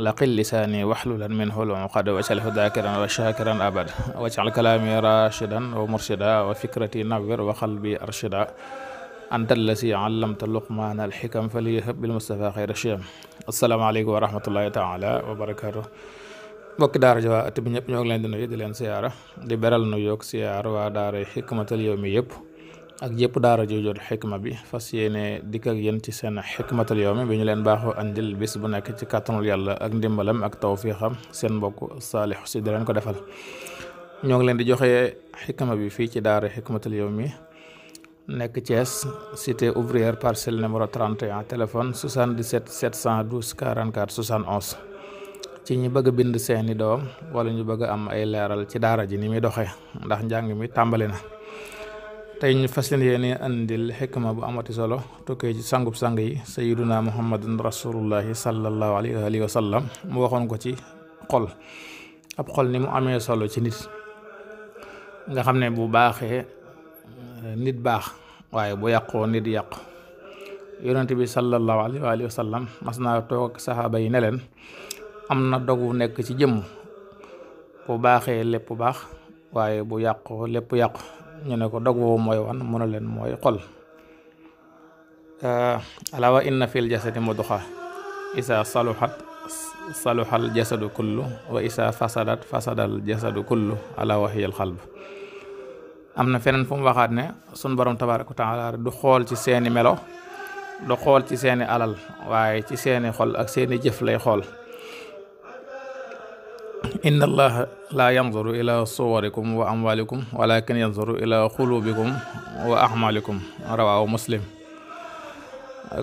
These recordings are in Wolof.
laqil lisaani waxlulan minhu lcuqad waj'alhu daakiran wa shaakiran abad waj'al kalaami raashidan wa murshida wa fikrati nawwir wa qalbi arshida anta allasi allamta alxikam faliyahab bilmustafa xayra shiyam assalaamu aleykum wa rahmatullahi taala bi ñëpp ñoo ngi leen di nuyu di leen siyaara di beral nu ak yëpp daara joojoot xikma bi fas yéene dikk ak yéen ci seen xikmatul mi bi ñu leen baaxoo andil bis bu nekk ci kàttanul yàlla ak ndimbalam ak taw xam seen mbokk saalixu si di leen ko defal ñoo ngi leen di joxe xikma bi fii ci daara xikmatul mi nekk Thiès cité ouvrière parcelle numéro 31 téléphone 77 712 44 71 ci ñi bëgg a bind seeni doom wala ñu bëgg am ay leeral ci daara ji ni muy doxee ndax njàng mi tàmbali na tey ñu fas leen yéene andil xikma bu amati solo tukkee ci sangub sang yi sayiduna muhammadun rasulullahi sallallahu alayhi wa sallam mu waxoon ko ci xol ab xol ni mu amee solo ci nit nga xam ne bu baaxee eh, nit baax waaye bu yàqoo nit yàq yonent bi sallallahu alayhi wa sallam mas naa toog ak saxaaba yi ne leen am na dogu nekk ci jëmm bu baaxee lépp baax waaye bu yàqoo lépp yàqu ñu ne ko dog boobu mooy wan mu ne leen mooy xool eh, ala wa inna fil jasadi mudxa isa saluxat saluxal jasadu kullu wa isa fasadat fasadal jasadu kullu ala wa hiya xalb am na feneen fu waxaat ne sun borom tabaaraka taala du xool ci seeni melo du xool ci seeni alal waaye ci seeni xol ak seeni jëf lay xool inna allaha laa yanzuru ila suwarikum wa amwalikum walakin yanzuru ila xulubikum wa ahmalikum rawaawu muslim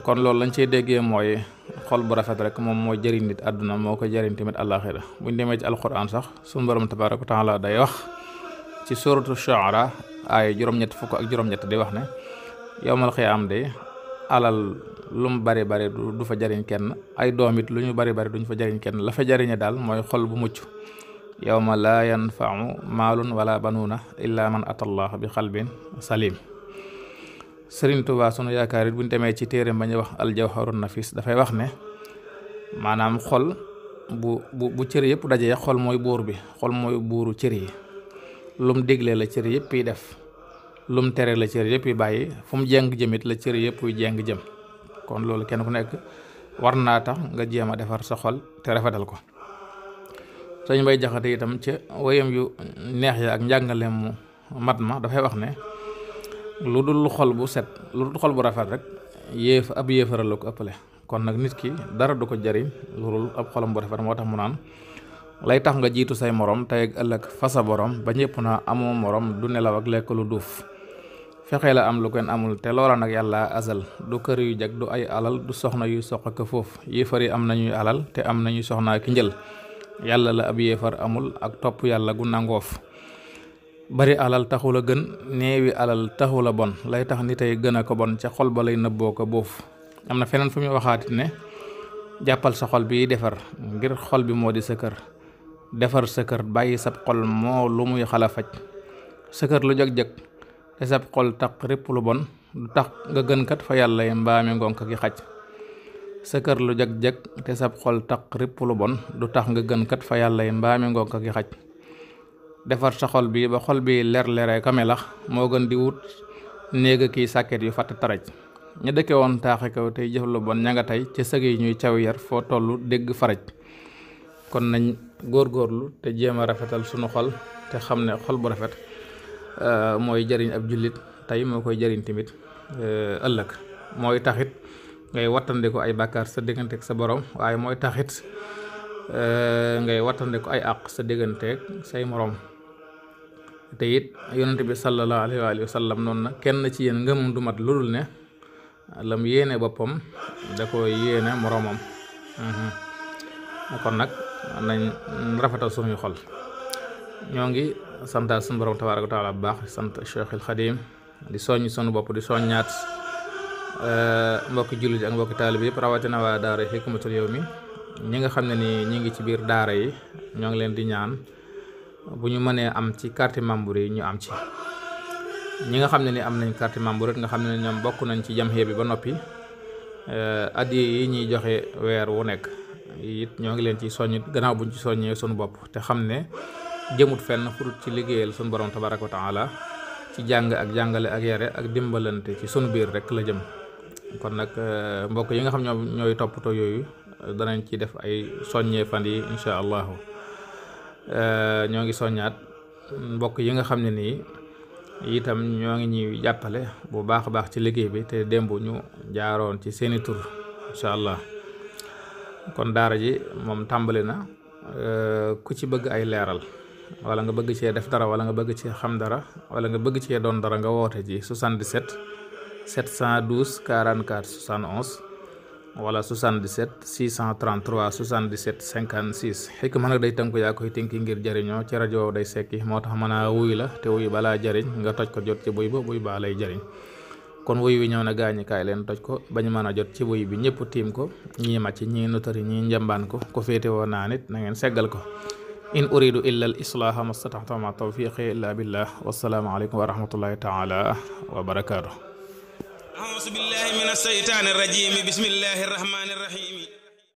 kon loolu lañ ciy déggee mooy xol bu rafet rek moom mooy jëriñ nit àdduna moo ko jëriñ tamit àllaaxira buñ demee ci alquran sax suñu borom tabaaraka wa taala day wax ci suratu shuara ay juróom-ñett fukk ak juróom-ñett di wax ne yowmal xiyaam de alal lu mu bari bari du fa jariñ kenn ay doom it lu ñu bari bari duñ fa jariñ kenn la fa jariñe daal mooy xol bu mucc yawma laa yanfau maalun wala banuuna illaa man atallah bi xalbin salim Sëriñ Tuubaa sunu yaakaar it buñ demee ci téere ba ñuy wax aljawharun nafis dafay wax ne maanaam xol bu bu bu cër yëpp dajee xol mooy buur bi xol mooy buuru cër yi lum digle la cër yëpp yi def lum tere la cër yëpp yi bàyyi fu mu jeng jëmit la cër yëpp yu jeng jëm kon loolu kenn ku nekk war naa tax nga jéem a defar sa xol te rafetal ko sëñ may Jaxate itam ci woyam yu neex ya ak njàngaleem mu mat ma dafay wax ne lu dul xol bu set lu dul xol bu rafet rek yéef ab yéefaral la ko ëppale kon nag nit ki dara du ko jariñ loolu ab xolam bu rafet moo tax mu naan lay tax nga jiitu say moroom tey ak ëllëg fa sa borom ba ñëpp naa amoo moroom du nelaw ak lekk lu duuf fexe la am lu kenn amul te loola nag yàlla asal du kër yu jag du ay alal du soxna yu sox ak foofu yéefar yi am nañuy alal te am na ñuy soxnaa ki njël yàlla la ab yéefar amul ak topp yàlla gu nangoof bari alal taxul a gën neewi alal taxul a bon lay tax ni tey gën a ko bon ca xol ba lay nëbboo ko boofu am na feneen fu muy waxaati ne jàppal sa xol bi defar ngir xol bi moo di sa kër defar sa kër bàyyi sab xol moo lu muy xala faj sa kër lu jag jag te sab xol taq répp lu bon du tax nga gën kat fa yàlla ye mbaami ngonk ki xaj sa kër lu jag-jag te sab xol taq répp lu bon du tax nga gën kat fa yàlla ye mbaami ngonk ki xaj defar sa xol bi ba xol bi leer leere kamelax moo gën di wut néega kiy sàkket yu fàtt taraj ña dëkke woon taaxi kaw tey jëf lu bon ña nga tey ca sëg yi ñuy caw yar foo tollu dégg faraj kon nañ góorlu te jéem a rafetal sunu xol te xam ne xol bu rafet Euh, mooy jariñ ab jullit tey moo koy jariñ tamit euh, ëllëg mooy taxit ngay wattande ko ay bàkkaar sa digganteeg sa borom waaye mooy taxit euh, ngay wattande ko ay àq sa digganteeg say moroom te it yonent bi sallallahu alayhi wa sallam noonu na kenn ci yéen ngëmam du mat ludul ne lam yéene boppam da ko yéene moromam mhm. kon nag nañ rafetal suñuy xol ñoo ngi santaat suñu borom tabaaraka wa bu baax sant Cheikhul di soññ sunu bopp di soññaat eh, mbokki jullit ak mbokki taalib yëpp rawatina waa daara Hikmatul mi ñi nga xam ne ni ñi ngi ci biir daara yi ñoo ngi leen di ñaan bu ñu mënee am ci carte membre yi ñu am ci ñi nga xam ne ni am nañ carte membre nga xam ne ni ñoom bokk nañ ci jamxee bi ba noppi eh, addiye yi ñuy joxe weer wu nekk it ñoo ngi leen ci soñ gannaaw buñ ci soññee sunu bopp te xam ne jëmut fenn furut ci liggéeyal sunu borom tabaraka wa taala ci jàng ak jàngale ak yare ak dimbalante ci sunu biir rek la jëm kon nag euh, mbokk yi nga xam ñoom ñooy toppatoo yooyu danañ ci def ay soññee fan yi incha allahu euh, ñoo ngi soññaat mbokk yi nga xam ne nii itam ñoo ngi ñuy jàppale bu baax a baax ci liggéey bi te démb ñu jaaroon ci seeni tur incha allah kon daara ji moom tàmbali na euh, ku ci bëgg ay leeral wala nga bëgg cee def dara wala nga bëgg cee xam dara wala nga bëgg cee doon dara nga woote ci 77 712 44 71 wala 77 633 77 56 xikma nag day tënku yaa koy tënki ngir jariñoo ci rajo day sekki moo tax mën a wuy la te wuy balaa jariñ nga toj ko jot ci buy ba buy baa lay jariñ kon wuy wi ñëw na gaañukaay leen toj ko bañ mën a jot ci wuy bi ñëpp tiim ko ñii màcc ñii notari ñii njambaan ko ko féete woo naa nit na ngeen seggal ko in uridu illa al islaaha mastataxta ma tawfiqi illa billah wassalaamu aleykum wa rahmatullahi taala wa barakaatu ausu billahi min asheytaani rajim bismillahi rahmani rahim